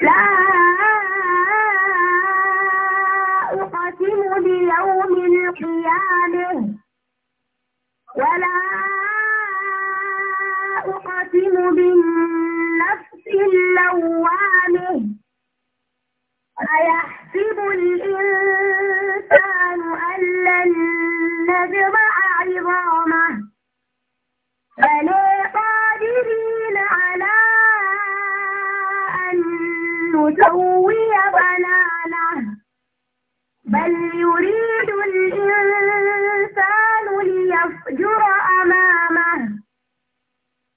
لا أقسم بيوم القيامة ولا أقسم بالنفس اللوامة أيحسب الإنسان أن لن نجمع عظامه بل قادرين نسوي بنانه بل يريد الإنسان ليفجر أمامه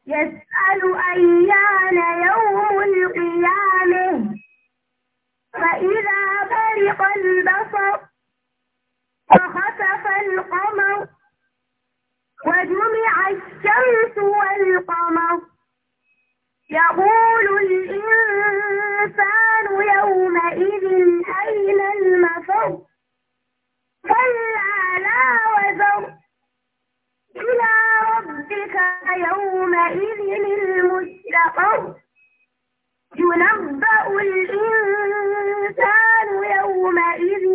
يسأل أيان يوم القيامة فإذا برق البصر وخسف القمر وجمع الشمس والقمر يقول الإنسان الإنسان يومئذ أين المفر كلا لا وزر إلى ربك يومئذ المستقر ينبأ الإنسان يومئذ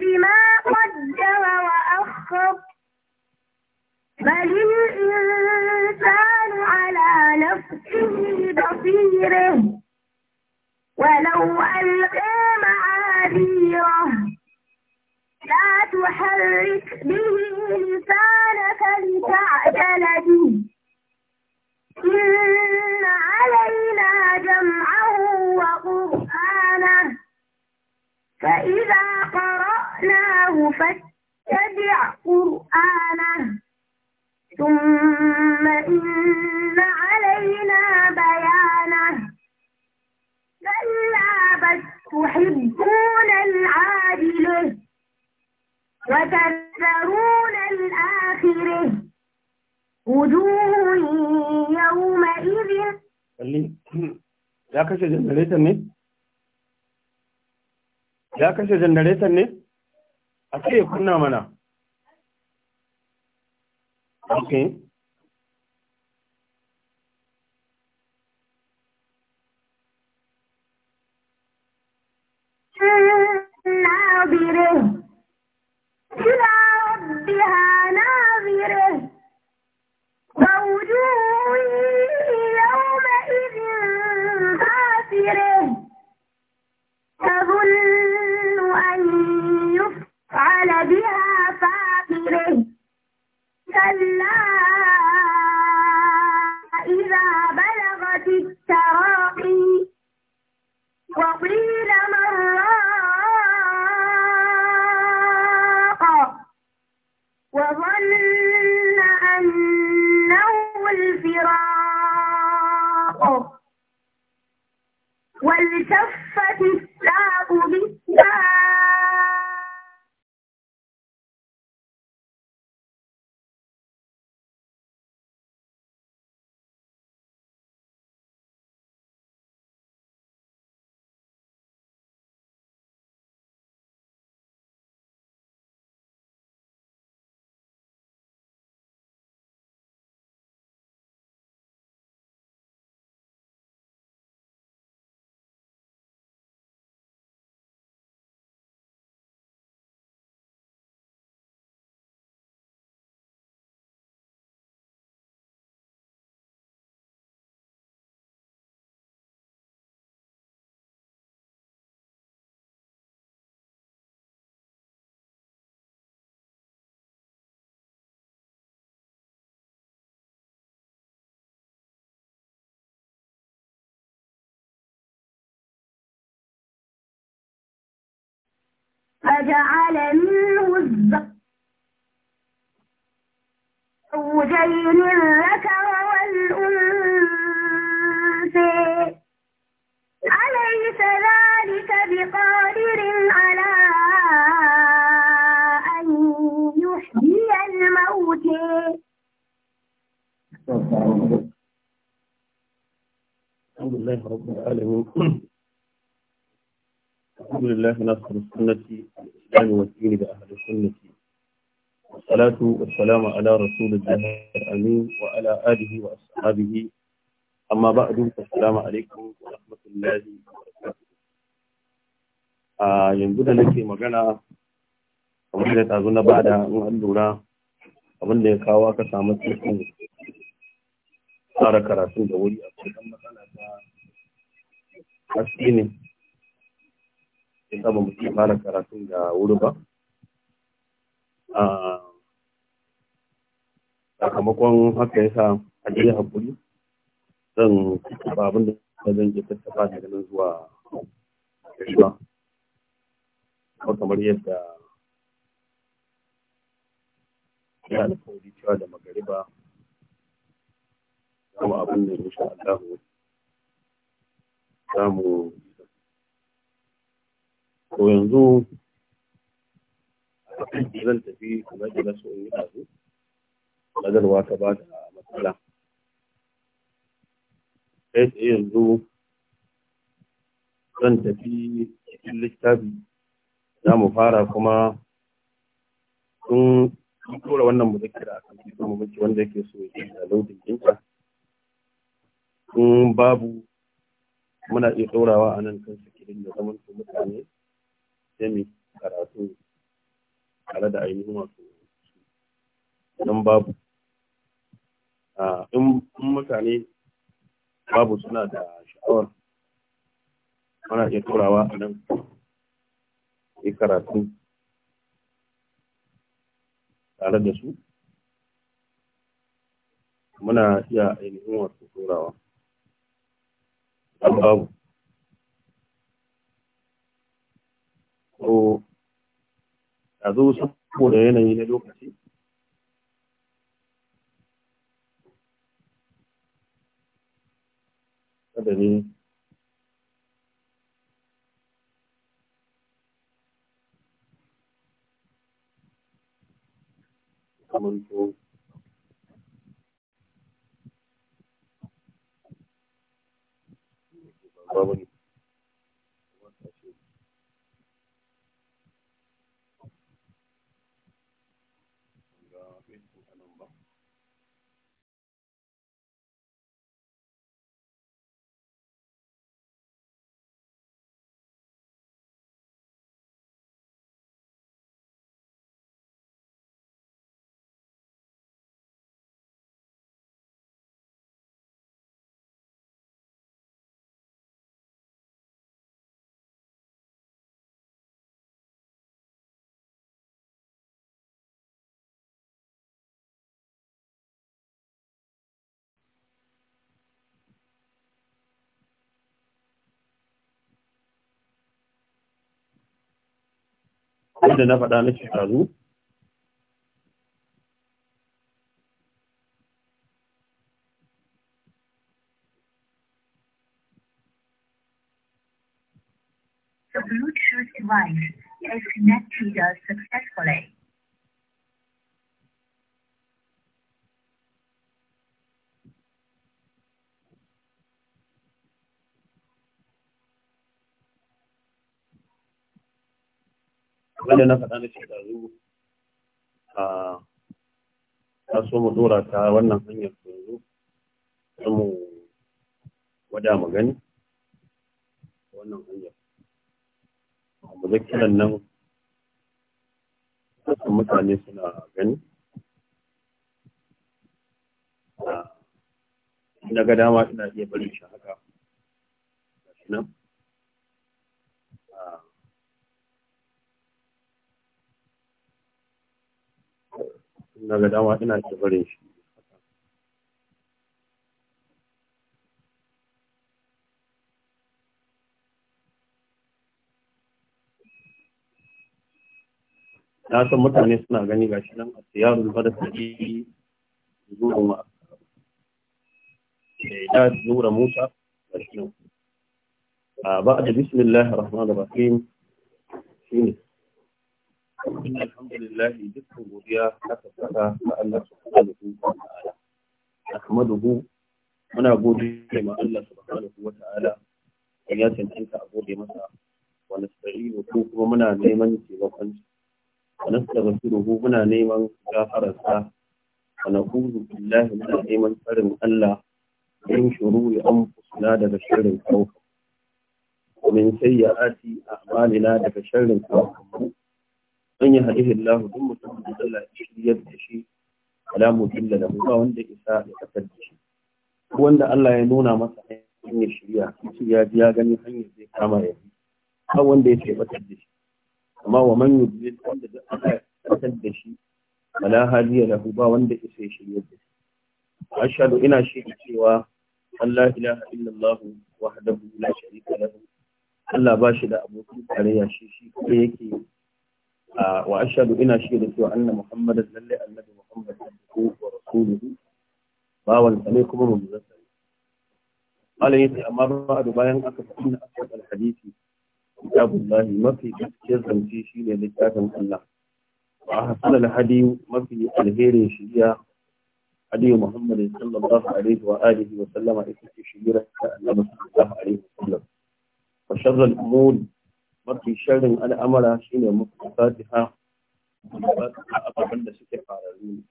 بما قدر وأخر بل الإنسان على نفسه بصيره ولو ألقى معاذيره لا تحرك به لسانك لتعجل به إن علينا جمعه وقرآنه فإذا قرأناه فاتبع قرآنه ثم إن علينا بيانه كلا بس تحبون العاجلة وتذرون الآخرة وجوه يومئذ اللي لا كش جنرية سنة لا كش جنرية سنة أكيد كنا منا أوكي okay. ناظره إلى ربها ناظره ووجوه يومئذ باسره تظن أن يفعل بها فاقره كلا إذا بلغت التراقي وقيل وجعل منه الزوجين الذكر والأنثى أليس ذلك بقادر على أن يحيي الموتى الحمد لله رب العالمين الحمد لله ناصر السنة الإسلام والدين بأهل السنة والصلاة والسلام على رسول الله الأمين وعلى آله وأصحابه أما بعد السلام عليكم ورحمة الله وبركاته آه ينبغي لك مجانا kamar da tazo na bada in an lura abin da ya kawo aka samu cikin tsara karatun da wuri a cikin matsala ta haske ne sai ba mu fara karatun da wuri ba ah, sakamakon haka yasa a hakuri zan ba abin da zan ke tattafa da nan zuwa Kuma kamar yadda ya alkawari cewa da magariba kuma abin da insha Allah za mu ko yanzu zan tafi kuma da nasu in yi ɗazu sadarwa ta ba da matsala sai tsaye yanzu zan tafi cikin littafi za mu fara kuma sun tura wannan mutakira a kan cikin mamaki wanda yake so ya da lautin ɗinka sun babu muna iya ɗaurawa a nan kan cikin da zaman mutane jami karatu tare da ainihin wasu don babu in mutane babu suna da sha'awar ana iya turawa a nan yi karatu tare da su muna iya ainihin wasu turawa babu so a zo saboda yanayi na lokaci kada ne kamanto babu ne na faɗa na shekaru The Bluetooth device is connected successfully. da na faɗa na shekaru a taso mu dora ta wannan hanyar yanzu ta mu wada magani wannan hanyar muzakiran nan kasan mutane suna gani na ga dama ina iya bari shi haka nan na ga dama ina ta barin shi na san mutane suna gani gashi nan a siyarun bada sadi zuwa ma eh, da nura musa gashi nan a ah, ba da bismillahir rahmanir rahim shine إن الحمد godiya haka saka ga Allah subhanahu wa ta'ala ahmaduhu muna godiya ma Allah subhanahu wa ta'ala ya cancanta a gode masa wa nasta'inu ko kuma muna neman taimakon wa nastaghfiruhu muna neman gafararsa wa na'udhu billahi muna neman tsarin Allah min shururi anfusina daga shirin kawfa ومن سيئات amalina daga shirin أنفسنا don يهده الله ثم ثم لا يشريد شيء ولا مضل له Ba wanda إساء يقتد شيء وند الله ينونا wanda Allah ya shirya shi ya ji ya gani hanyar zai kama ya bi har wanda ya ce batar da shi amma wa man yudlil wanda da ya kasar da shi wala hadiya lahu ba wanda ya sai shirya da shi ashhadu ina shaida cewa Allah ilaha illallah wahdahu la sharika lahu Allah ba shi da abokin tarayya shi shi yake wa ashhadu ina shaida cewa annan muhammadan lalle annabi muhammad sallallahu wa rasuluhu bawan sane kuma mu zassare Allah yace amma ba'du bayan aka fadi na asal hadisi kitabullahi mafi gaskiyar zance ne littafin Allah wa hasal hadi mafi alherin shiriya hadi muhammad sallallahu alaihi wa alihi wa sallama ita ce shiriya ta annabi sallallahu alaihi wa sallam wa sharral umuri mafi sharrin al'amara shine muqtadiha ababen da suke fararru ne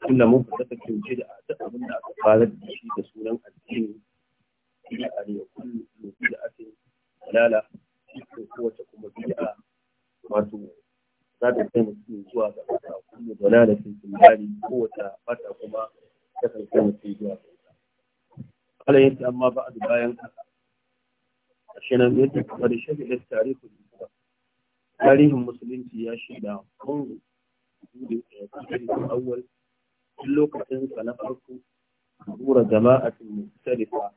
kullum mun fita ta kyauce da duk abin da aka fara da shi da sunan addini ila ariya kullu da ake halala ko kowace kuma bid'a wato za ta kai mutum zuwa ga fata kullu dalala fi tilali kowace fata kuma ta kai mutum zuwa ga Allah yake amma ba a bayan haka shi nan yake kamar shaidar tarihin musulunci tarihin musulunci ya shaida kongo da lokacin sa na farko zura jama'atin mustarifa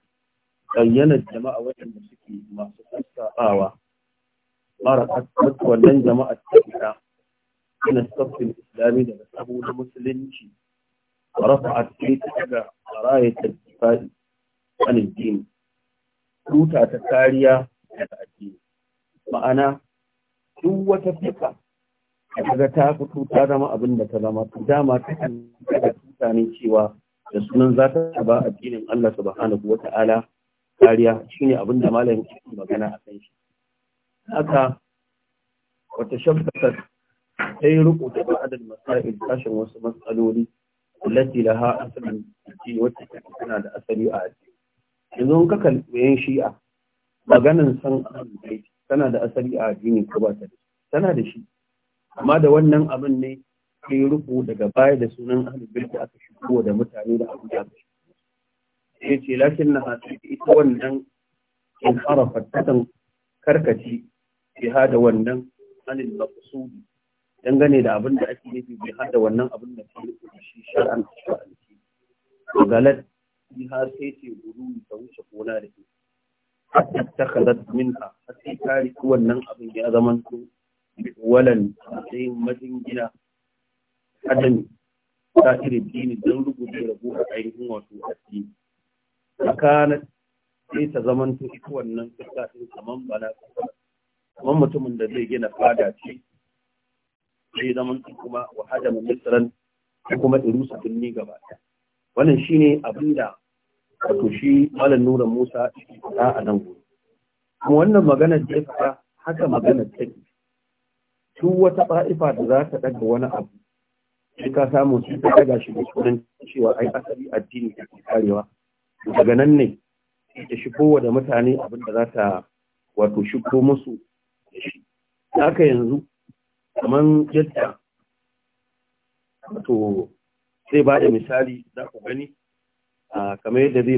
bayyana jama'a waɗanda suke masu sassaɓawa mara kasar wannan jama'a ta fita ina sabbin islami daga sabo na musulunci rafa a cikin daga rayar tattafa'i anin tuta ta kariya daga addini ma'ana duk wata fika daga ta fito ta zama abin da ta zama dama ta kan daga tuta ne cewa da sunan za ta ba addinin Allah subhanahu wa ta'ala kariya shine abin da malamin ke magana a kan shi haka wata shabbata ta yi riko da ba'adar masa'il tashin wasu matsaloli التي لها أصل في وجهك tana da asali a addini yanzu ka kalbe yan shi'a maganin san aiki tana da asali a addini ko ba ta da tana da shi amma da wannan abin ne kai ruku daga baya da sunan ahlul bait aka shigo da mutane da abin da shi sai ce lakin na hasu ita wannan in arafa tatan karkaci bi hada wannan anil maqsudi dangane da abin da ake nufi bi hada wannan abin da ke shi shar'an shar'an galat har sai ce guru ta wuce gona da ke ta اتخذت a sai ta riki wannan abin ya zama ko walan sai majingina adam ta iri dini don rubuta rabu a ainihin wato addini tsakanin sai ta zama to ita wannan fitla din kaman bala kaman mutumin da zai gina fada ce zai zama to kuma wa hada misran kuma irusa binni gaba ɗaya wannan shine da wato shi malam nura musa ta a nan gobe kuma wannan maganar da ya faɗa haka maganar ke. su wata ba'ifa da za ta ɗaga wani abu shi ka samu su ta ɗaga shi da sunan cewa ai asali addini da ke karewa daga nan ne ta shigo da mutane abin da za ta wato shigo musu da shi haka yanzu kamar yadda wato sai ba da misali za ku gani kamar yadda zai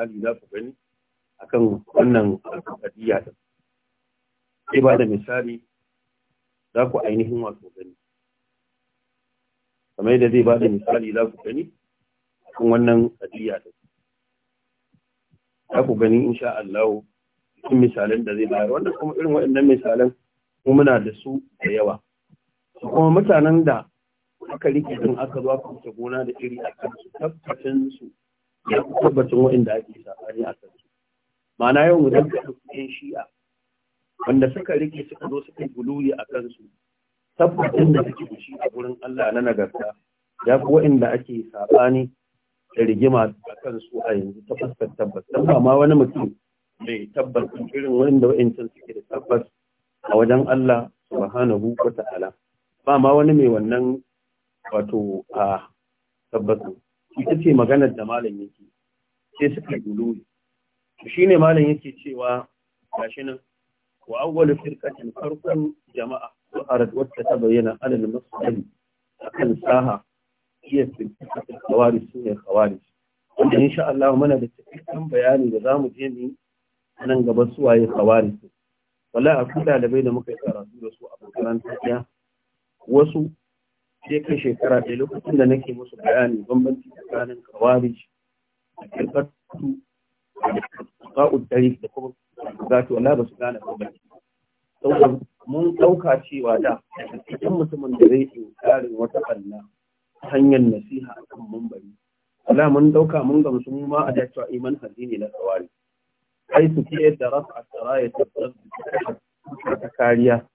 ba da misali za ku gani a kan wannan kadiya da zai ba da misali za ku ainihin wato gani kamar yadda zai ba da misali za ku gani a kan wannan kadiya da za ku gani in sha Allah cikin misalan da zai bayar wannan kuma irin waɗannan misalan kuma muna da su da yawa kuma mutanen da aka rike din aka zo aka wuce gona da iri a kan su tabbacin su ya fi tabbacin waɗanda ake saɓani a kansu ma'ana yau mu danka ɗauki shi'a wanda suka rike suka zo suka guluyi a kansu tabbacin da suke shi a gurin Allah na nagarta ya fi waɗanda ake saɓani da rigima a kansu a yanzu ta fuskar tabbas don ba ma wani mutum mai tabbas irin waɗanda waɗancan suke da tabbas a wajen Allah subhanahu wa ta'ala ba ma wani mai wannan wato a tabbatin ita ce maganar da malam yake sai suka guluwi shi ne malam yake cewa gashi nan wa awwalu firqatin farkon jama'a arad wata ta bayyana alal masali akan saha iya firqatin khawarij sune khawarij wanda insha Allah muna da cikakken bayani da zamu je ni nan gaba su waye khawarij wallahi akwai dalibai da muka yi karatu da su a makarantar wasu sai kai shekara ɗaya lokacin da nake musu bayani bambanci tsakanin kawari da kirkatu da ba'ud da kuma zato wala ba su gane bambanci mun ɗauka cewa da cikin mutumin da zai tsarin wata ɓanna ta hanyar nasiha a kan mambari wala mun ɗauka mun gamsu mu ma a da cewa iman ne na kawari ai su fiye da rafa ya tabbatar ta kariya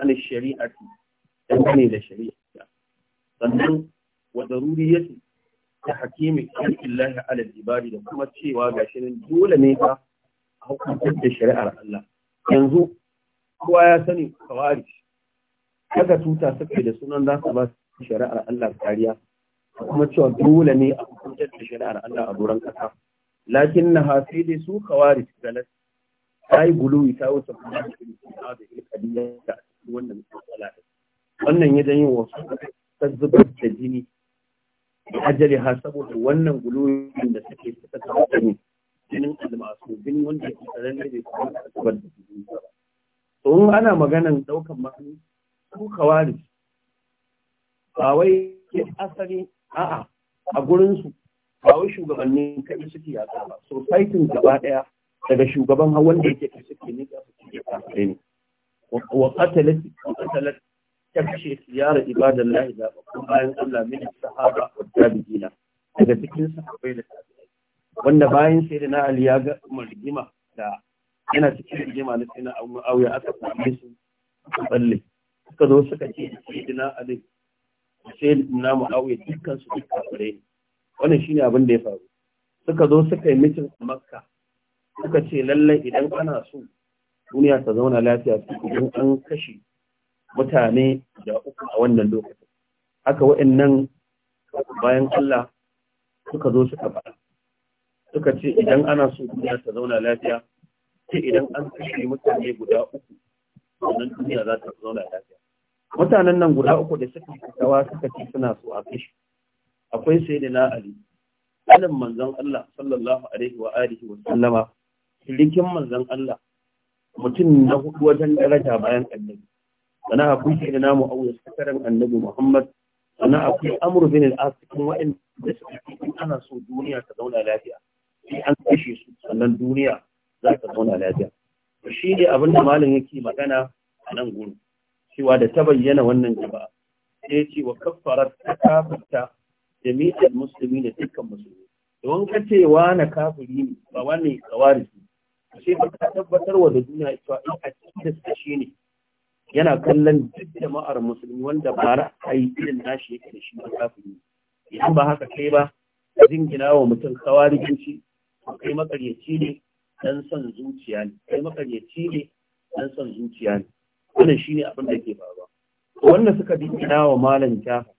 an shari'ati ne da shari'a sannan wa ce ta hakimi ilkillahi ala ibadi da kuma cewa gashi nan dole ne ka hukuntar da shari'ar Allah yanzu kowa ya sani kawari daga tuta suka da sunan za su ba shari'ar Allah kariya kuma cewa dole ne a hukuntar da shari'ar Allah a doron kasa lakin na hafi dai su kawari galas ta yi guluwi ta wuce kuma da ilkadiyya da wannan matsala wannan ya janyo wasu ta zubar da jini ajali ha saboda wannan gulurin da suke suka zubar da jini jinin almasu jini wanda ke tsaron da ke zubar da jini to in ana maganan daukan mahani ko kawari ba wai asali a'a a gurinsu ba wai shugabanni kai suke yaƙa ba societin gaba daya daga shugaban hawan da yake suke ne ga ke ta ne wa qatalat qatalat ya kashe siyara ibadan lahi da babban bayan Allah min sahaba wa tabi'ina daga cikin sahabbai da tabi'ai wanda bayan sai da na Ali ya ga rigima da yana cikin rigima na sai na Muawiya aka same su balle suka zo suka ce sayyidina Ali sai na Muawiya dukkan su duk kafire wannan shine abin da ya faru suka zo suka yi mitin a Makka suka ce lallai idan ana so duniya ta zauna lafiya su idan an kashe mutane da uku a wannan lokacin haka wa'annan bayan Allah suka zo suka faɗa suka ce idan ana so duniya ta zauna lafiya sai idan an kashe mutane guda uku wannan duniya za ta zauna lafiya mutanen nan guda uku da suka fitawa suka ce suna so a kashe akwai sayyidina Ali alin manzon Allah sallallahu alaihi wa alihi wa sallama likin manzon Allah mutum na hudu wajen daraja bayan annabi sana akwai shi da namu a wasu karin annabi muhammad sana akwai amur bin al'as cikin wa'in da suke cikin ana so duniya ta zauna lafiya sai an kashe su sannan duniya za ta zauna lafiya shi ne abin da malam yake magana a nan gudu cewa da ta bayyana wannan jama'a sai ce wa kaffarar ta kafarta jami'ar musulmi da dukkan musulmi Da wanka ce wa na kafiri ne ba wani kawari ne sai ba ka tabbatar wa da duniya cewa in a cikin da suka shi ne yana kallon duk jama'ar musulmi wanda ba a yi irin nashi yake da shi kafin yi. idan ba haka kai ba jingina wa mutum kawarijanci kai makaryaci ne dan son zuciya ne kai makaryaci ne dan son zuciya ne wannan shine abin da ke faruwa wanda suka jingina wa malam jafa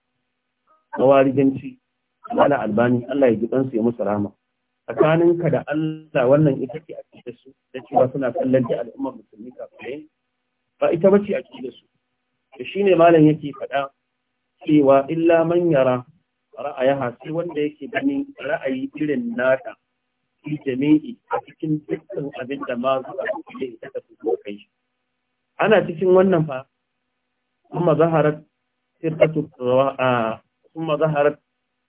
kawarijanci malam albani Allah ya ji kansu ya musu rama tsakaninka da Allah wannan ita ce a cikin su da cewa suna kallon ta al'ummar musulmi kafin ba ita bace a cikin su shi ne malam yake faɗa cewa illa man yara ra'ayaha sai wanda yake ganin ra'ayi irin nata fi jami'i a cikin dukkan abin da ma zuwa cikin ita ta fito kai ana cikin wannan fa kuma zaharar sirkatu a kuma zaharar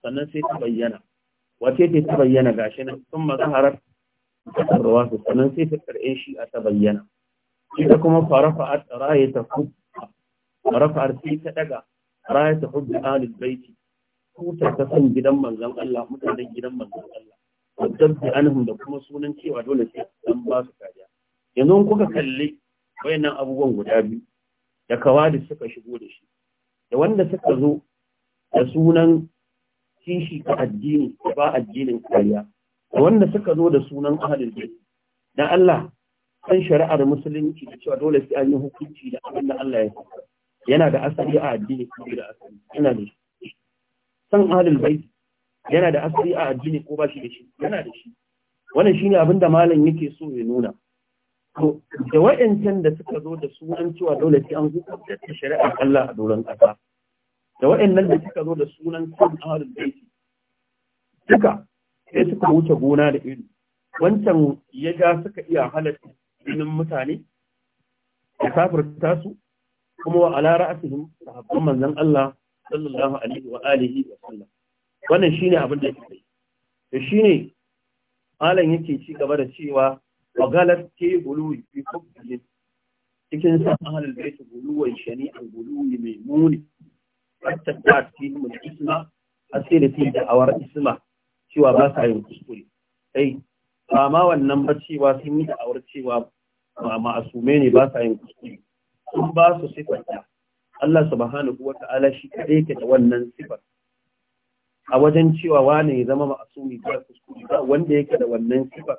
sannan sai ta bayyana wace ce ta bayyana gashi nan sun mazaharar ta karrawa su sannan sai ta karɓe shi a ta bayyana ita kuma farafa'at kuma hubba farafa'ar sai ta daga rayata hubba alil baiti tutar ta san gidan manzon Allah mutanen gidan manzon Allah wadabbi anhum da kuma sunan cewa dole sai an ba su kariya yanzu kuka kalli wayannan abubuwan guda biyu da da suka shigo da shi da wanda suka zo da sunan kishi ka addini ba addinin kariya da wanda suka zo da sunan ahalin Allah san shari'ar musulunci da cewa dole sai an yi hukunci da abin da Allah ya faɗa yana da asali a addini ko da asali yana da shi san ahlul bait yana da asali a addini ko ba shi da shi yana da shi wannan shine abin da malam yake so ya nuna to da wa'ancan da suka zo da sunan cewa dole sai an hukunta da shari'ar Allah a doron ƙasa da wa'annan da suka zo da sunan san ahlul bait duka sai suka wuce gona da iri wancan ya ga suka iya halatta jinin mutane ya ta su kuma wa ala ra'asihim sahabban manzon Allah sallallahu alaihi wa alihi wa sallam wannan shine abin da yake to shine Malam yake ci gaba da cewa wa galat ke guluwi fi a cikin san ahlul bait guluwan mai muni hatta ta fihim isma asira fi da'awar isma cewa ba sa yin kuskure kai ba ma wannan ba cewa sun yi da'awar cewa ma'asume ne ba sa yin kuskure sun ba su sifar da Allah subhanahu wa ta'ala shi kaɗai ke da wannan sifar a wajen cewa wane ya zama ma'asumi ba kuskure ba wanda yake da wannan sifar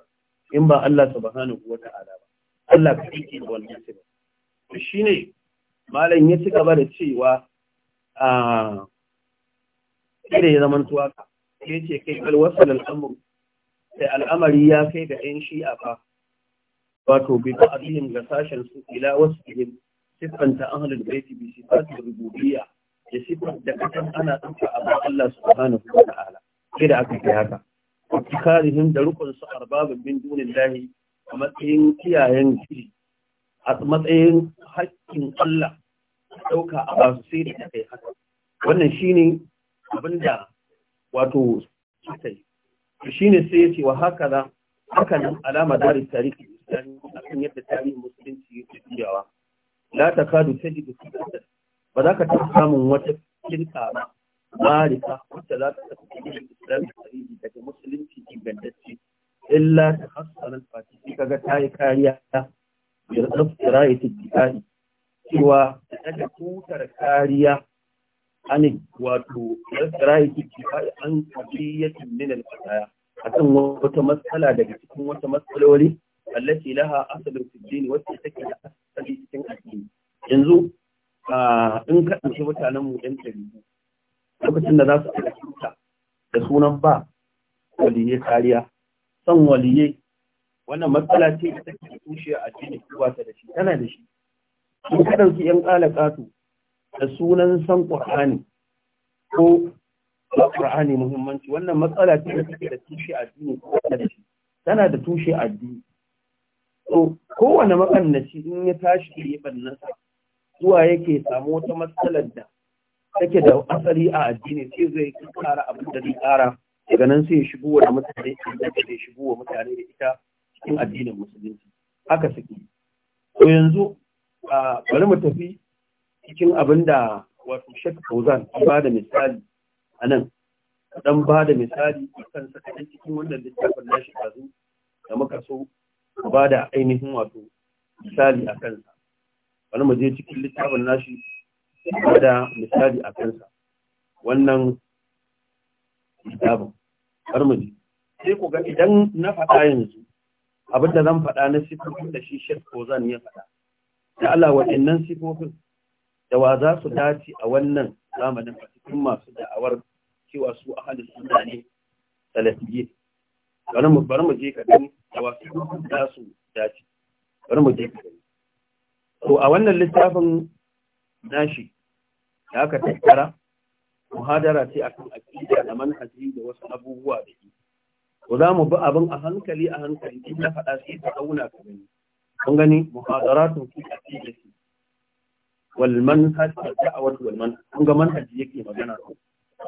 in ba Allah subhanahu wa ta'ala ba Allah ka ke da wannan sifar to ne malam ya ci gaba da cewa a kire ya zaman tuwaka ya ce kai alwasal al'amur sai al'amari ya kai ga 'yan shi'a fa wato bi ba'dihim ga sashen su ila wasfihim sifanta ahlul baiti bi sifatir rububiyya da sifar da kasan ana tsanka a Allah subhanahu wa ta'ala sai da aka kai haka ibtikarihim da rukun su arbabin bin dunin lahi a matsayin kiyayen gidi a matsayin haƙƙin Allah ɗauka a basu sai da kai haka wannan shine abinda wato suka yi shine sai ya ce wa haka nan haka nan alama dari tarihi akan yadda tarihin musulunci yake tuyawa la takadu tajidu fitatan ba za ka taɓa samun wata kirka ba marika wacce za ta tafi cikin islamic tarihi daga musulunci ingantacce illa ta hasarar fati sai kaga ta yi kariya ta yarda tsira ya tafi cewa ta daga tutar kariya an wato tsira ya tafi an kafi yakin min A akan wata matsala daga cikin wata matsaloli allati laha asalin fiddin wacce take da asali cikin addini yanzu in ka ɗauki mutanen mu lokacin da za su aka cuta da sunan ba waliye kariya son waliye wannan matsala ce da take da tushe a addini ko ta da shi tana da shi da sunan san ƙur'ani ko ba ƙur'ani muhimmanci wannan matsala ce da take da tushe a addini da shi tana da tushe addini kowane makannaci in ya tashi yi bannasa zuwa yake samu wata matsalar da take da asali a addini sai zai kara abin da zai kara daga nan sai ya shigo wa mutane da zai shigo wa mutane da ita cikin addinin musulunci haka suke to yanzu a bari mu tafi cikin abin da wato Sheikh Fauzan ba da misali anan nan dan ba da misali kan sakamakon cikin wannan littafin nashi kazu da muka so ba da ainihin wato misali a kansa wani mu je cikin littafin nashi ba da misali a kansa wannan littafin har mu je sai ku ga idan na faɗa yanzu abin da zan faɗa na sifofin da shi shek kozan ya faɗa da Allah waɗannan sifofin da wa za su dace a wannan zamanin a cikin masu da'awar cewa su a halin sunna ne salafiyye bari mu je ka gani da wasu za su ce, bari mu je to a wannan littafin nashi da aka tattara muhadara ce akan aqida da manhaji da wasu abubuwa da ke ko za mu bi abin a hankali a hankali in na faɗa sai ta auna ka gani kun gani muhadaratun fi aqidati wal manhaj da da'awat wal manhaj kun ga manhaji yake magana ko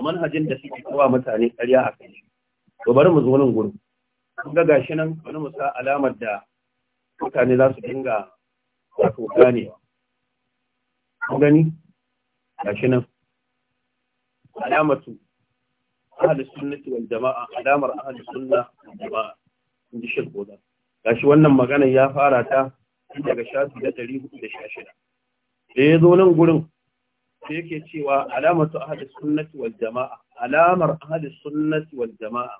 manhajin da suke kowa mutane ƙarya a kai to bari mu zo nan gurin kun ga gashi nan wani musa alamar da mutane za su dinga wato ganewa kun gani gashi nan alamatu ahli sunnati wal jama'a alamar sunna wal jama'a in ji shirkoda gashi wannan magana ya fara ta daga shafi na ɗari hudu da sha shida da ya zo nan gurin sai yake cewa alamatu ahli sunnati wal jama'a alamar ahli sunnati wal jama'a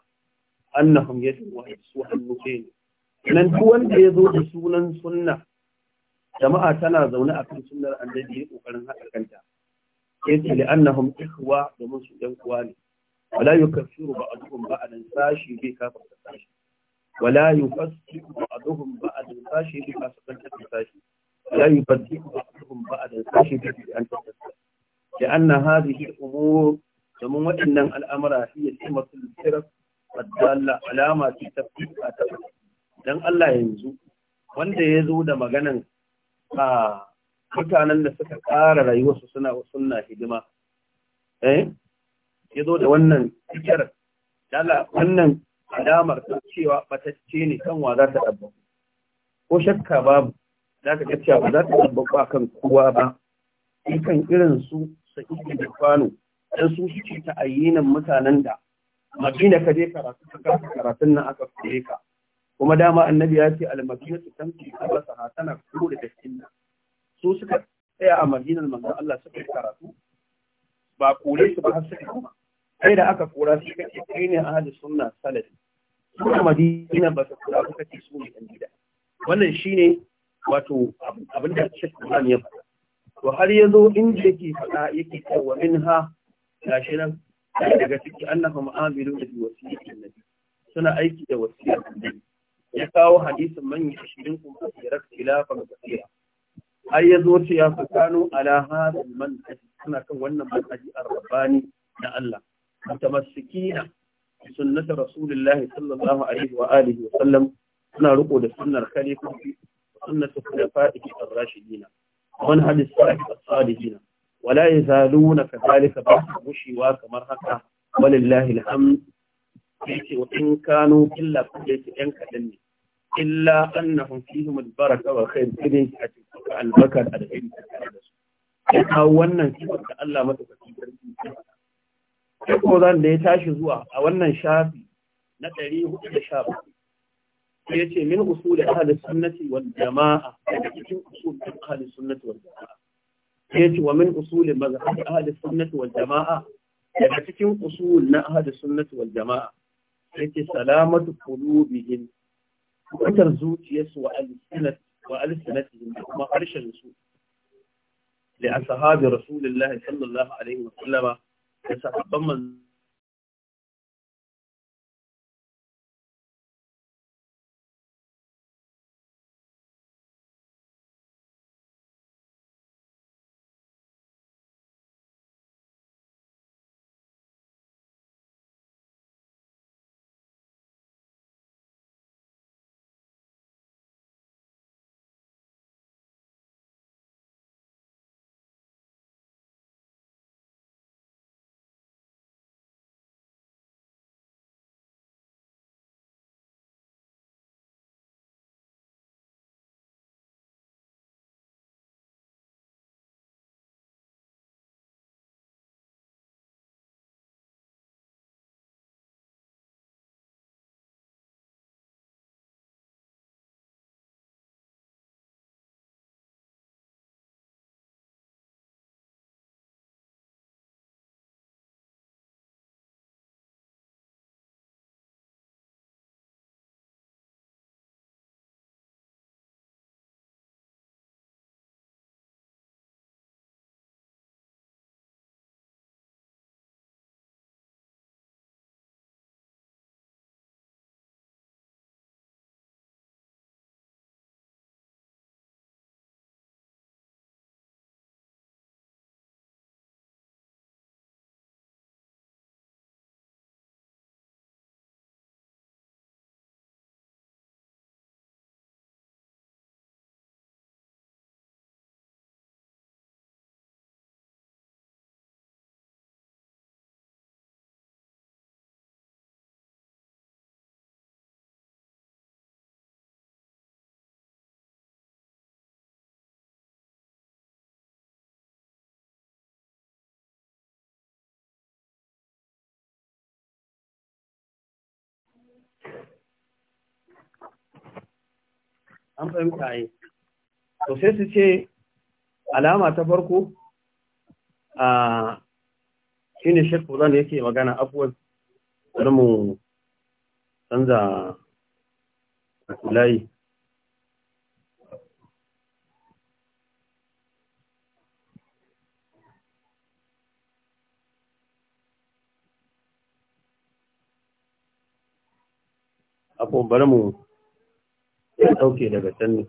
annahum yadun wa su hannu ce nan duk wanda ya zo da sunan sunna jama'a tana zaune a kan sunnar annabi ya kokarin haɗa kanta ya ce li annahum ikhwa da musu ɗan uwa ne wala yukaffiru ba'duhum ba'dan sashi bai kafa sashi wala yufassiqu ba'duhum ba'dan sashi bai kafa sashi wala yubaddiqu ba'duhum ba'dan sashi bai kafa sashi لأن هذه الأمور ومن وإن الأمر هي سمة الفرق addalla alama ce ta ta dan Allah yanzu wanda ya zo da maganan a mutanen da suka ƙara rayuwarsu suna sunna hidima eh ya zo da wannan fikir dala wannan alamar ta cewa batacce ne kan wa za ta dabba ko shakka babu za ka cewa ba za ta dabba ba kan kowa ba kan irin su sa'i da kwano dan su suke ta ayyinan mutanen da madina ka je karatu ka karatun nan aka koye ka kuma dama annabi ya ce al-madina tu tamti sabasaha tana kure da cikin su suka tsaya a madinar manzon Allah suka karatu ba kore su ba har suka kuma sai da aka kora su kace kai ne ahli sunna Su a madina ba su kora suka ce su ne gida wannan shine wato abin da Sheikh Ibrahim ya faɗa to har yazo inda yake faɗa yake cewa minha gashi nan daga ciki annahum amilu da wasiyatin nabi suna aiki da wasiyar nabi ya kawo hadisin man yashirin kun fasirar khilafan basira Har ya zo ce ya fi kano ala hadin man suna kan wannan manhaji ar-rabbani na Allah mutamassikina sunnata rasulillahi sallallahu alaihi wa alihi wa sallam suna riko da sunnar khalifofi sunnatu khulafaihi ar-rashidina manhaj as-salih as-salihina wala yazaluna kadhalika ba su gushewa kamar haka walillahi alhamd yace wa in kanu illa yace yan kadan ne illa annahum fihim albaraka wal khair kidin a cikin albarka da alheri da su ya kawo wannan sifar da Allah madaukaki sarki sai ko zan da tashi zuwa a wannan shafi na min usul ahli jamaa daga cikin usul ahli sunnati jamaa sai ce wa min usulin mazhab ahli sunnati wal jama'a daga cikin usul na ahli sunnati wal jama'a sai ce salamatu qulubihim kwatar zuciyarsu wa al-sunnat wa al kuma harshen su li ashabi rasulillahi sallallahu alaihi wa sallama da sahabban manzo an fahimta yi to sai su ce alama ta farko a shi ne shekku zan yake magana afuwar karmu canza layi afuwar bari ya ɗauke daga sannu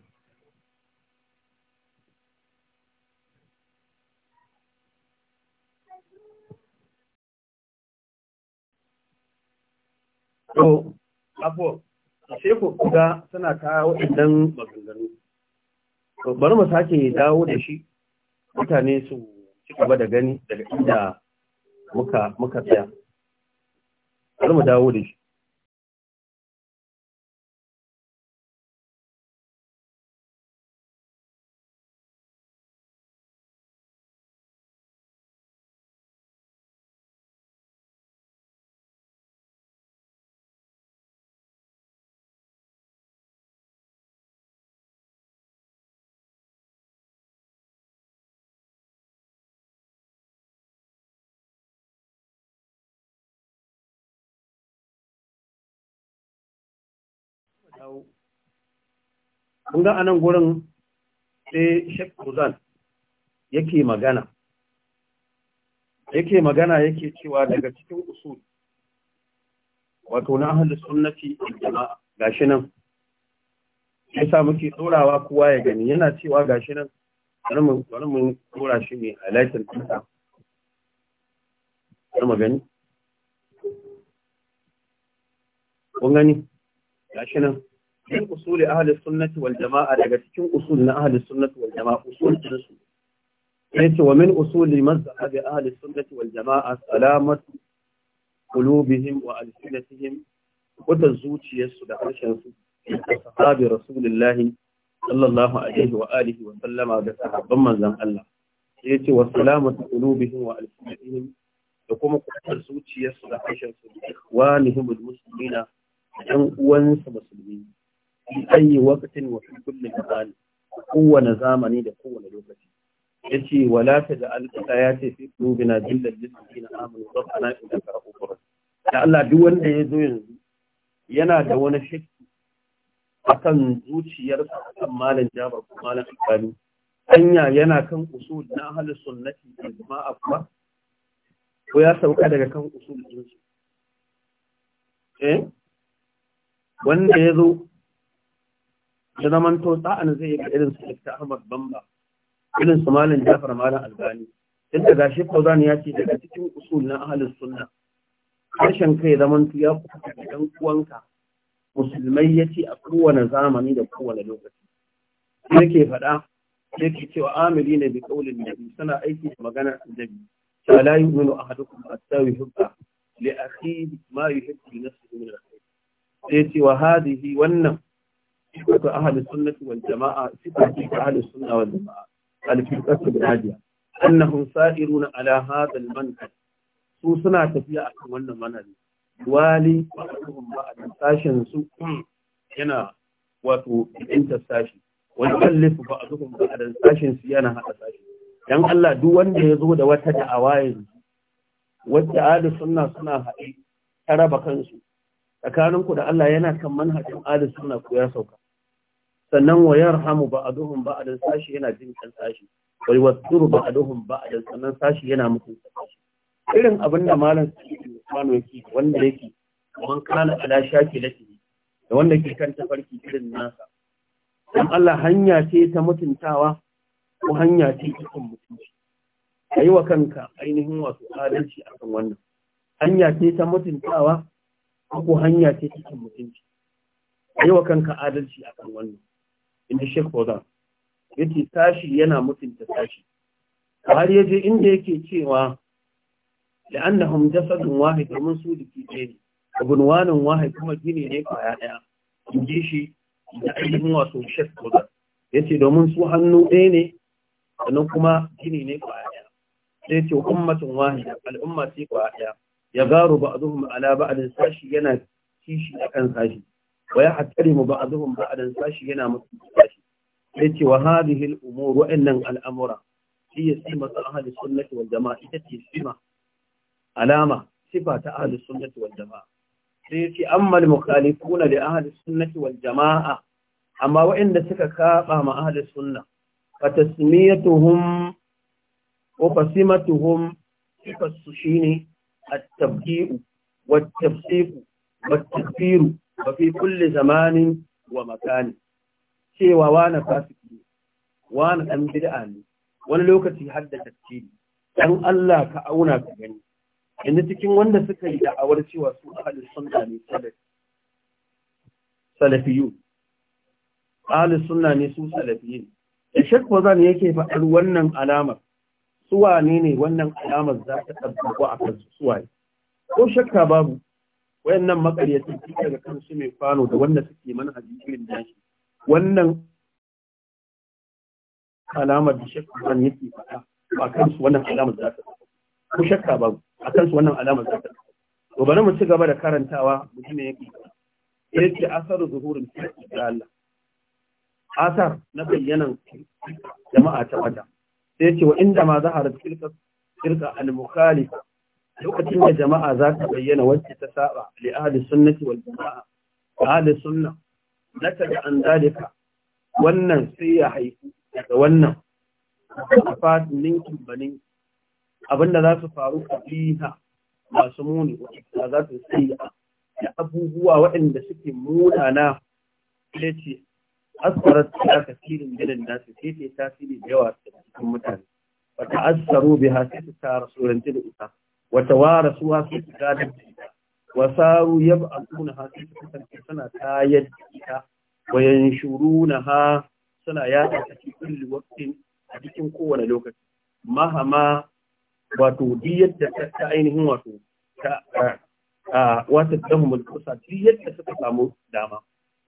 to abuwa a kuga suna kawo waɗannan maganganu to bari mu sake dawo da shi mutane su ci gaba da gani daga inda muka tsaya bari mu dawo da shi Kunga ga anan gurin sai Sheikh Kuzan yake magana yake magana yake cewa daga cikin usul wato na ahlus sunnati jama'a gashi nan sa muke tsorawa kowa ya gani yana cewa gashi nan bari mun tsora shi ne a lakin tuta bari mu gani kun gani gashi nan min usuli ahli sunnati wal jama'a daga cikin usul na ahli sunnati wal jama'a usul din su yace wa min usuli mazhabi ahli sunnati wal jama'a salamatu qulubihim wa alsinatihim wata zuciyarsu da harshen su da sahabi rasulullahi sallallahu alaihi wa alihi wa sallama da sahabban manzon Allah yace wa salamatu qulubihim wa alsinatihim da kuma kwatar zuciyarsu da harshen su da ikwanihim muslimina dan uwansa musulmi fi ayi waqtin wa fi kulli makan kowane zamani da kowane lokaci ya ce. ta da alƙata ya ce fi qulubina jillal lisina amanu rabbana innaka ra'ufur da Allah duk wanda ya zo yanzu yana da wani shakki akan zuciyarsa akan malam Jabir ko malam Ibrahim. hanya yana kan usul na ahlus sunnati wal jama'a kuma ko ya sauka daga kan usul din su eh wanda ya zo da zaman to sa'an zai yi irin su Dr. Ahmad Bamba irin su Malam Jafar Malam Albani tun da gashi Fauzan ya ce daga cikin usul na ahlus sunna harshen kai zaman ya kuka da dan uwanka musulmai yace a kowane zamani da kowane lokaci yake faɗa yake cewa amiri ne bi kaulin nabi suna aiki da magana annabi ta la yu'minu ahadukum hatta yuhibba li akhihi ma yuhibbu li nafsihi min al-khair sai ce wa hadhihi wannan sifatu ahli sunnati wal jama'a sifatu ahli sunna wal jama'a al-firqatu al-hadiya annahum sa'iruna ala hadha al-manhaj su suna tafiya akan wannan manhaji wali ba'dhum ba'd sashin su yana wato inta sashi wal kallif ba'dhum ba'd sashin su yana hada sashi dan Allah duk wanda ya zo da wata da'awa yanzu wacce ahli sunna suna haɗe ta raba kansu tsakaninku da Allah yana kan manhajin ahli sunna ko ya sauka sannan wa yarhamu ba'duhum ba'dan sashi yana jin kan sashi wal wasuru ba'duhum ba'dan sannan sashi yana mutunta sashi irin abin da malam Usmanu yake wanda yake man kana ala shaki lati da wanda ke kan tafarki irin nasa dan Allah hanya ce ta mutuntawa ko hanya ce ta mutunci kai wa kanka ainihin wato adalci akan wannan hanya ce ta mutuntawa ko hanya ce ta mutunci kai wa kanka adalci akan wannan in ji Sheikh Fauzan yace tashi yana mutunta tashi har yaje inda yake cewa la'annahum jasadun wahid mun su dake ne abunwanin wahid kuma jini ne kwaya daya in ji shi da ainihin wato Sheikh Fauzan yace domin su hannu ɗaya ne sannan kuma gini ne kwaya ɗaya sai ce ummatun wahid al'umma sai kwaya ɗaya ya garu ba'dhum ala ba'din sashi yana kishi akan sashi wa ya hattari mu ba'aduhum ba'dan sashi yana musu sashi sai ce wa hadhihi al-umur wa'annan al'amura Shi ya hiya simatu ahli sunnati wal jama'a ita ce sima alama sifa ta ahli sunnati wal jama'a sai ce amma al-mukhalifuna li ahli sunnati wal jama'a amma wa'anda suka kaba ma ahli sunna fa tasmiyatuhum wa fasimatuhum sifa su shine at-tabdi'u wat-tafsiq wat-takfiru wa fi kulli zamanin wa makani cewa wani fasiki wani dan bid'a ne wani lokaci har da tafsiri dan Allah ka auna ka gani inda cikin wanda suka yi da'awar cewa su ahlus sunna ne salafiyu ahlus sunna ne su salafiyin da shakku zan yake faɗar wannan alamar suwa ne ne wannan alamar za ta tabbata a kansu suwaye ko shakka babu wayannan makaryatan su daga kansu mai kwano da wanda suke manhaji irin dashi wannan alamar da shakka ban yake faɗa a kansu wannan alamar za ta ko shakka ba a kansu wannan alamar za ta to bari mu ci gaba da karantawa mu ji me yake yace asar zuhurin da Allah asar na bayyanan jama'a ta wata sai yace wa inda ma zaharat tilka tilka al-mukhalifa lokacin da jama'a za ta bayyana wacce ta saba li ahli sunnati wal jama'a ahli sunna nataja an dalika wannan sai ya haifi daga wannan afat ninkin banin abinda za su faru a fiha masu muni wacce za su sai da abubuwa waɗanda suke munana sai ce asfarar ta tasirin gidan nasu sai ce tasiri da yawa cikin mutane wata asaro bai hasi su ta rasuranci da ita wata wara suwa su su gadar da ita wasaru ya ba a kuna ha su kasance suna tayar da ita wayan shuru na ha suna yaɗa a cikin lokacin a cikin kowane lokaci mahama wato diyar da ta ainihin wato ta wata tsahumul kusa diyar da suka samu dama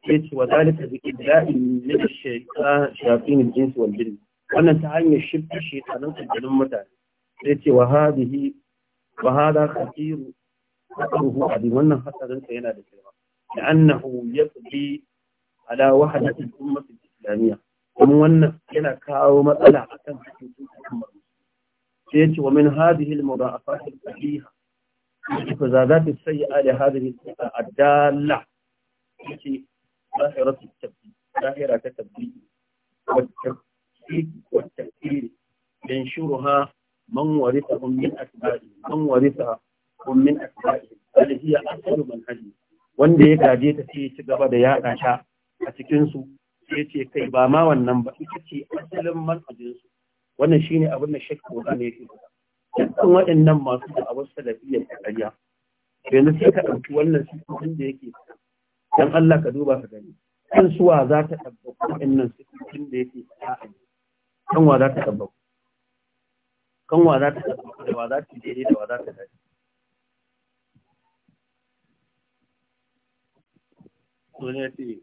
ya ce wa zalika bi idda'in min shayatin al-ins wal jinn wannan ta hanyar shirki shaytanin aljannin mutane ya ce wa hadhihi وهذا خطير خطره عظيم وانا hasarin sa yana لأنه يقضي على وحدة الأمة الإسلامية ومن wannan كاو kawo matsala akan ومن هذه المضاعفات yace فزادات السيئة لهذه الدالة التي ظاهرة التبديل ظاهرة التبديل والتكفير والتكفير ينشرها man warisa min asba'i man warisa min asba'i alhiya asalu manhaji wanda ya gaje ta sai ci gaba da yaɗa ta a cikin su sai ce kai ba ma wannan ba ita ce asalin manhajin su wannan shine abin da shakka wanda ne yake dukkan waɗannan masu da abin salafiyya ta ƙarya yanzu sai ka ɗauki wannan sifofin da yake dan Allah ka duba ka gani kan suwa za ta wannan waɗannan sifofin da yake faɗa a kan wa za ta ɗabbaka kan wa za ta tafi da wa za ta daidai da wa za ta dace wani ya ce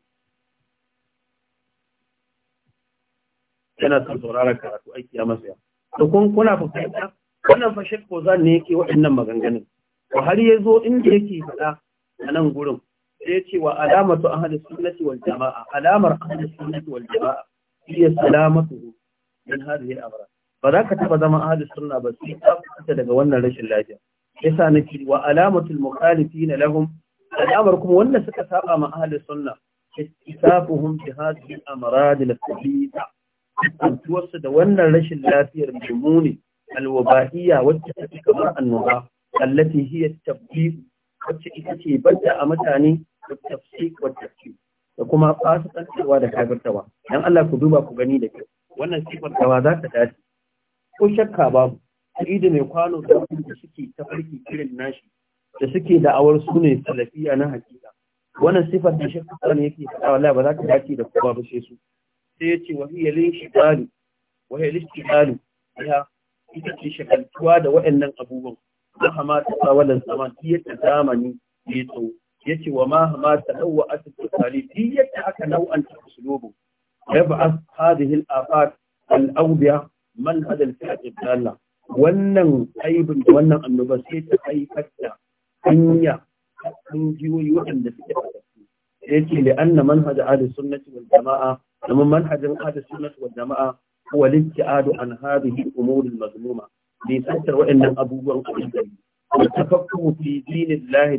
yana son sauraron karatu aiki a masaya to kun kuna fahimta wannan fa shek kozan ne yake waɗannan maganganun to har ya zo inda yake faɗa a nan gurin sai ya ce wa alamatu ahli sunnati wal jama'a alamar ahli sunnati wal jama'a hiya salamatu min hadhihi al-amra ba za ka taba zama ahli sunna ba sai ka fita daga wannan rashin lafiya yasa nake wa alamatul mukhalifina lahum al'amar kuma wanda suka saba ma ahli sunna istisafuhum bi hadhihi amrad al-khabitha tuwarsu da wannan rashin lafiyar mumuni alwaba'iyya wacce take kamar annoba allati hiya tabdiq wacce ita ce badda a mutane da tafsik wa tafsik da kuma fasikantarwa da kafirtawa dan Allah ku duba ku gani da kyau wannan sifar da za ta dace ko shakka babu aqidu mai kwano da suke tafarki kirin nashi da suke da'awar su ne salafiya na hakika wannan sifar da shakka kan yake faɗa wallahi ba za ka dace da kowa ba sai su sai ya ce wahiyal shidalu wahiyal shidalu ya ita ce shakaltuwa da waɗannan abubuwan wa hamata tawalan zaman yadda zamani ya tsawo ce wa ma hamata da at-tsali yadda aka nau'anta usulubu yab'as hadhihi al-afat al-awdiya man hadal fi'at wannan aibin da wannan annoba sai ta haifar da hanya kungiyoyi waɗanda suke fatattu sai ce li anna manhaj ahli sunnati wal jama'a amma manhajin ahli jama'a huwa al-ibtida'u an hadhihi al-umur al-mazmuma bi waɗannan abubuwan kungiyoyi da tafakku fi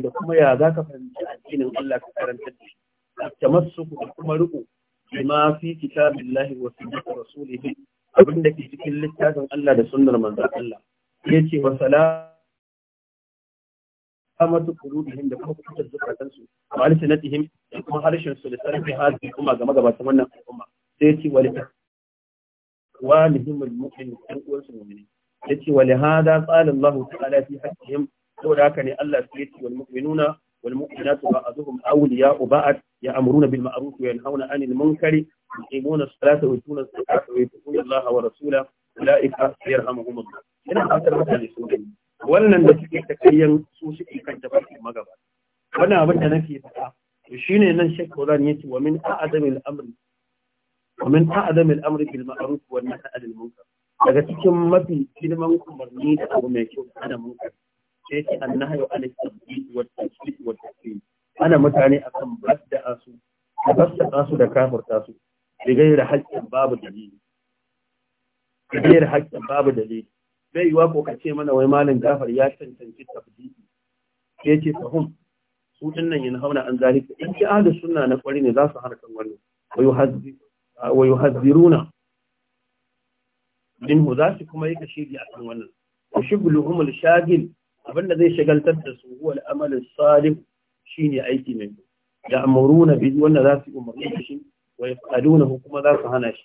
da kuma ya zaka fahimci addinin Allah ka karanta shi tamassuku da kuma riko bima fi kitabillahi wa sunnati rasulihi abin da ke cikin littafin Allah da sunnar manzon Allah ya ce wa salamatu qulubihim da kuma kutar zukatan su wa alsinatihim da kuma harshen su da sarfi hadi kuma ga magabatan wannan al'umma sai ya ce wa wa lihimul mu'min dan uwan su mu'mini ya ce wa lihada qala Allah ta'ala fi haqqihim saboda haka ne Allah sai ya ce wal mu'minuna والمؤمنات بعضهم أولياء بعض يأمرون بالمعروف وينهون عن المنكر يقيمون الصلاة ويؤتون الزكاة ويطيعون الله ورسوله أولئك يرحمهم الله ina fatar mutane su ne wannan da suke ta kayyan su suke kan tafarkin magaba wannan abin da nake faɗa to shine nan Sheikh Qur'an yace wa min amri wa min a'zamil amri bil ma'ruf wa nahy anil munkar daga cikin mafi girman umarni da abu mai kyau ana munkar sai ce annahu anil wa ana mutane akan badda su da fassaka su da kafurta su da gaira haƙƙin babu dalili da gaira haƙƙin babu dalili bai yi ka ce mana wai malam gafar ya cancanci tafdidi Ke ce fahim su nan yin hauna an zalika in ki ahlus suna na ƙwari ne za su harkan wannan wa yuhazziruna minhu za su kuma yi kashiri a kan wannan wa shigluhum al-shagil abinda zai shagaltar da su huwa al'amalin salihu ne aiki mai ya amuruna bi wanda za su umarni da shi wa yafalunahu kuma za su hana shi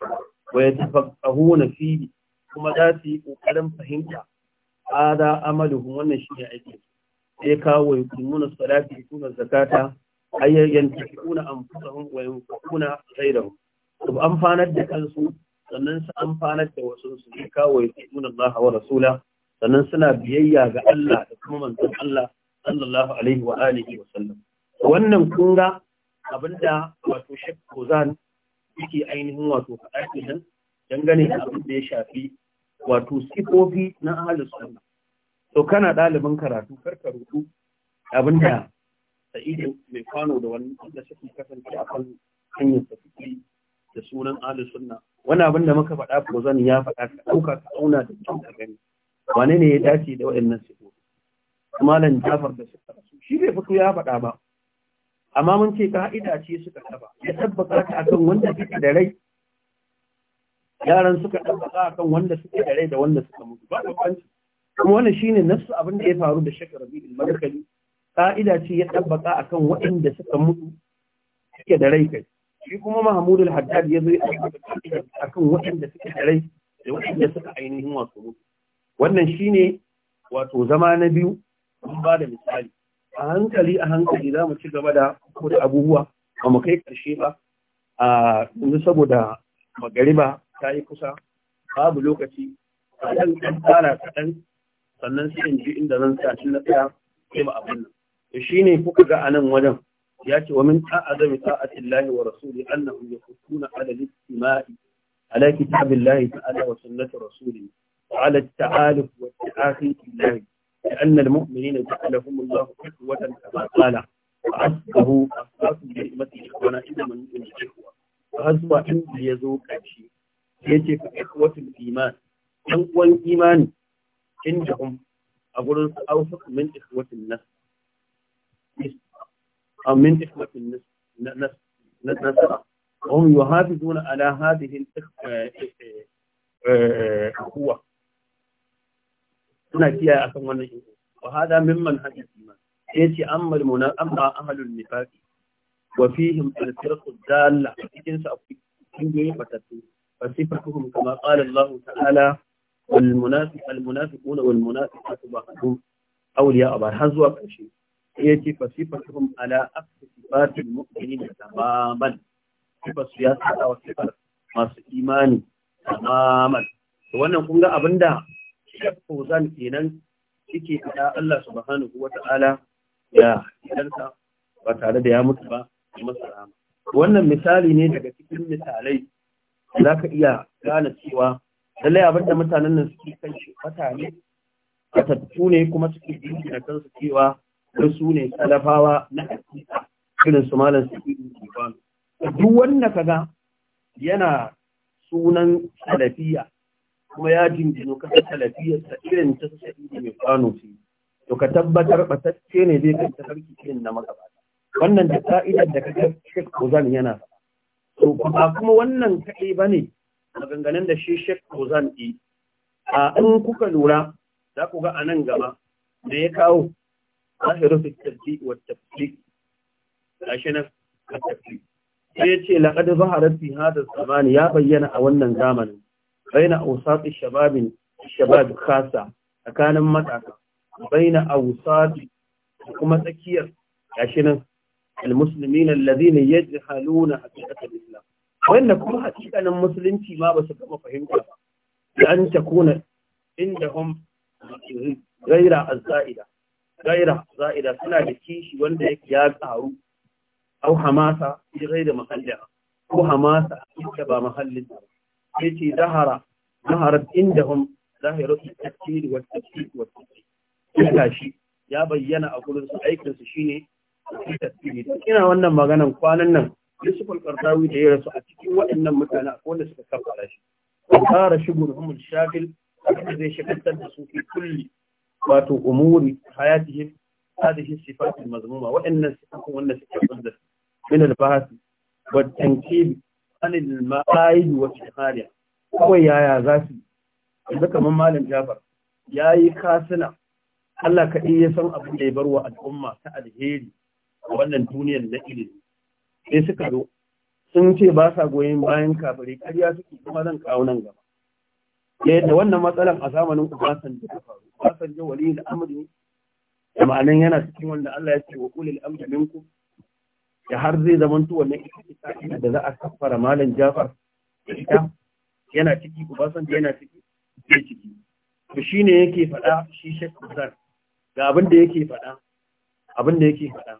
wa yatafaqahuna fi kuma za su yi kokarin fahimta ada amaluhum wannan shi ne aiki sai kawo yuqimuna salati yuqimuna zakata ayyan tafiquna anfusahum wa yunfiquna ghayrahum to amfanar da kansu sannan su amfanar da wasu su sai kawo yuqimuna Allah wa rasula sannan suna biyayya ga Allah da kuma manzon Allah sallallahu alaihi wa alihi wa sallam wannan kunga abinda wato shek Kozan yake ainihin wato faɗa kenan dangane da abin da ya shafi wato sifofi na ahlus sunna to kana ɗalibin karatu karka rutu abinda sa'idu mai kwano da wani da suke kasance a kan hanyar tafiye da sunan ahlus sunna wani abin da muka faɗa Kozan ya faɗa ka ɗauka ka auna da mutum ka gani wane ne ya dace da waɗannan sifofi malam jafar da suka rasu shi bai fito ya faɗa ba amma mun ce ka'ida ce suka taba ya tabbata ta akan wanda suke da rai yaran suka tabbata akan wanda suke da rai da wanda suka mutu ba kwanci kuma wannan shine nafsu abin da ya faru da shakar rabi'ul madakali ka'ida ce ya tabbata akan waɗanda suka mutu suke da rai kai shi kuma mahmud al-haddad ya zo ya tabbata akan waɗanda suke da rai da waɗanda suka ainihin wato mutu wannan shine wato zama na biyu mun ba da misali a hankali a hankali za mu ci gaba da kuma abubuwa ba mu kai ƙarshe ba a yanzu saboda magariba ta yi kusa babu lokaci kaɗan ɗan tsara kaɗan sannan sai in ji inda zan sa na tsaya sai ba abin nan to shine kuka ga a nan wajen ya ce wa min ta'azami ta'atin lahi wa rasuli annahum yakuffuna ala al ala kitabillahi ta'ala wa sunnati rasuli wa ala at-ta'aluf wa taafi lillahi لأن المؤمنين جعلهم الله إخوة كما قال فعزه أخلاقهم بنعمته إخوانا من من إخوة فهزوا إن ليزوك أشي يجي إخوة الإيمان أقوى الإيمان عندهم أقول أوثق من إخوة النفس أو من إخوة النفس نسرة وهم يحافظون على هذه الأخوة suna kiyaye akan wannan in wa hada mimman hadith iman sai ce ammal munan amma ahlul nifaq wa fihim al-firq dalla cikin su akwai kungiyoyi fatattu fasifatuhum kama qala Allah ta'ala wal munafiq al munafiquna wal munafiqatu ba'dhum awliya ba har zuwa karshe. sai ce fasifatuhum ala aqsi sifatil mu'minin tamaman sifar su ya tsada wa sifar masu imani tamaman wannan kun ga abinda Shek Fauzan kenan yake fita Allah subhanahu wa ta'ala ya yarsa ba tare da ya mutu ba a masa Wannan misali ne daga cikin misalai za ka iya gane cewa lallai abin da mutanen nan suke kan shi fata ne fatattu ne kuma suke jingina kansu cewa su ne talafawa na hakika irin su malam sabidu ibanu duk wanda kaga yana sunan salafiya kuma ya jinjino kasar ta irin ta sa'idu mai kwano ce to ka tabbatar batacce ne zai kai ta tafarki irin na magabata wannan da ka'idar da kaga Sheikh Kozan yana to ba kuma wannan kaɗai ba ne maganganun da shi Sheikh Kozan yi a in kuka lura za ku ga a nan gaba da ya kawo zahiru fi wa tafsir sai ya ce laqad zaharat fi hada zamani ya bayyana a wannan zamanin بين أوساط الشباب الشباب خاصة أكان متى بين أوساط حكومة كير عشان المسلمين الذين يجهلون حقيقة الإسلام وإن كل حقيقة المسلمين ما بس كما فهمت لأن تكون عندهم غير الزائدة غير الزائدة فلا تكيش وندك يا أو أو حماسة غير مخلعة أو حماسة إذا محل الدولة yace zahara zaharat indahum zahiru at-tafsir wa at-tafsir wa shi ya bayyana a gurin su aikin su shine tafsiri ina wannan maganan kwanan nan Yusuf al-Qardawi da ya rasu a cikin waɗannan mutane akwai wanda suka kafara shi fara shigun a shakil abin zai shakantar da su fi kulli wato umuri hayatihim hadhihi sifatul mazmuma wa inna sifakum wa inna sifatul min al-bahth wa tankib anil ma'aid wa tafariya kawai yaya za su yanzu kamar malam jafar yayi kasina Allah kaɗai ya san abin da ya bar wa al'umma ta alheri a wannan duniyar na ilimi sai suka zo sun ce ba sa goyon bayan kafirai ƙarya suke kuma zan kawo nan gaba da wannan matsalan a zamanin Obasanjo ta faru Obasanjo wali da amri da ma'anan yana cikin wanda Allah ya ce wa ulil amri minkum da har zai zamanto wannan ita da za a kafara malam Jafar ita yana ciki da yana ciki ke ciki to shine yake faɗa shi Sheikh ga abin da yake faɗa abin da yake faɗa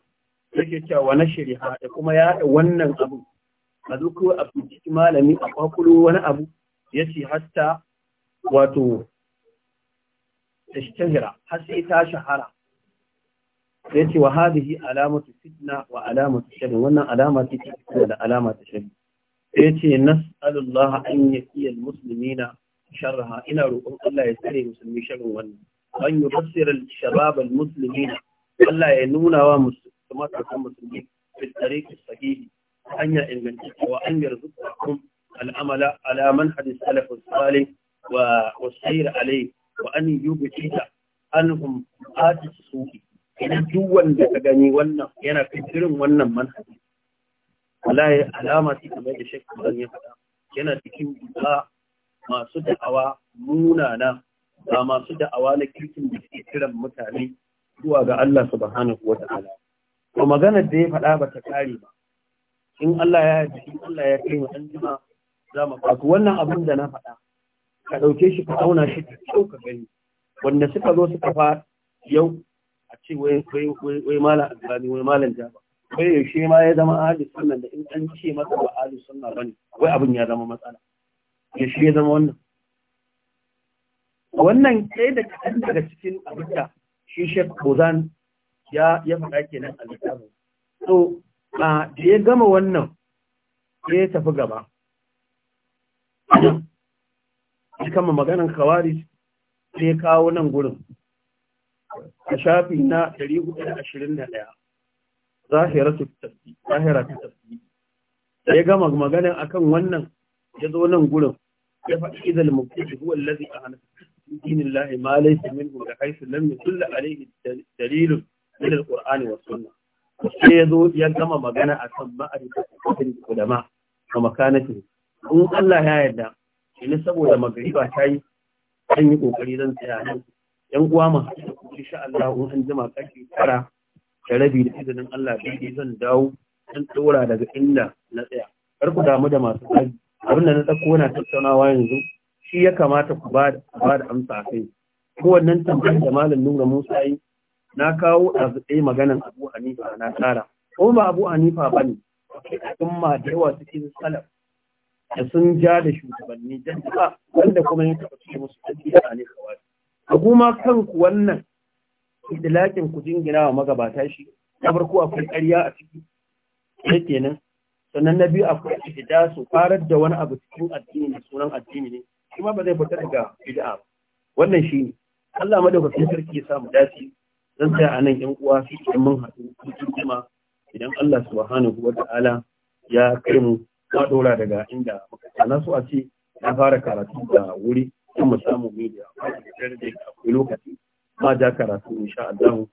yake cewa na shari'a da kuma ya wannan abu a zo kawai a ciki malami a kwakulo wani abu ya ce hatta wato ta shahara har sai ta shahara sai ce wa hadhihi alamatu fitna wa alamatu sharri wannan alama ce ta fitna da alama ta sharri sai ce nas'alullah an yaqiya almuslimina sharraha ina roƙon Allah ya tsare musulmi sharrin wannan an yufassira alshabab almuslimina Allah ya nuna wa musulmi fi tariqi sahihi hanya ingantaccewa an yarzuqakum العمل على منهج wa الصالح والسير wa وأن يبعد عنهم آت السوء idan duk wanda ka gani wannan yana kai irin wannan manhaji wallahi alama ce kamar da shekku zan ya faɗa yana cikin duka masu da'awa munana ba masu da'awa na kirkin da ke kiran mutane zuwa ga Allah subhanahu wa ta'ala to maganar da ya faɗa ba ta kare ba in Allah ya yi in Allah ya kai mu anjima za mu wannan abin da na faɗa ka ɗauke shi ka auna shi da ka gani wanda suka zo suka fa yau ce wai malam albani wai malam jaba wai yaushe ma ya zama ahli sannan da in an ce masa ba ahli sunna bane wai abin ya zama matsala yaushe ya zama wannan wannan kai da kadan daga cikin abinda shi shek bozan ya ya faɗa kenan a littafin so a da ya gama wannan ya tafi gaba ya maganan kawari sai kawo nan gurin a shafi na 421 zahiratu tasbih tafi. tasbih ya gama maganin akan wannan ya zo nan gurin ya faɗi idal mubtadi huwa allazi ahana dinin lahi ma laysa minhu da haythu lam yusulla alayhi dalil min alqur'ani was sunna sai ya zo ya gama magana akan ma'arifatul ulama wa makanatihi in Allah ya yarda ne saboda magariba ta yi zan yi kokari zan tsaya nan yan uwa mu insha Allah in an jima kake tara da rabi da izinin Allah daidai zan dawo zan tsora daga inda na tsaya kar ku damu da masu tsari abin da na tsakko na tattaunawa yanzu shi ya kamata ku ba da amsa a kai wannan tambayar da malam nura musa yi na kawo a zuɗe maganan abu hanifa na tsara ko ba abu hanifa ba ne ma da yawa suke salaf da sun ja da shugabanni don ba wanda kuma ya taɓa ce musu ɗan bida ne kawai a kuma kanku wannan idlakin ku jingina wa magabata shi na farko akwai ƙarya a ciki sai kenan sannan na biyu akwai ihda su farar da wani abu cikin addini da sunan addini ne kuma ba zai fitar daga bid'a ba wannan shi ne. Allah madaukakin sarki ya samu dace zan tsaya a nan ƴan uwa su idan mun haɗu cikin kuma idan Allah subhanahu wa ta'ala ya kai mu ka dora daga inda muka tsana so a ce na fara karatu da wuri kuma samu media da akwai lokaci ma ja karatu insha Allah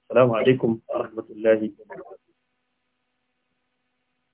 assalamu alaikum wa rahmatullahi wa barakatuh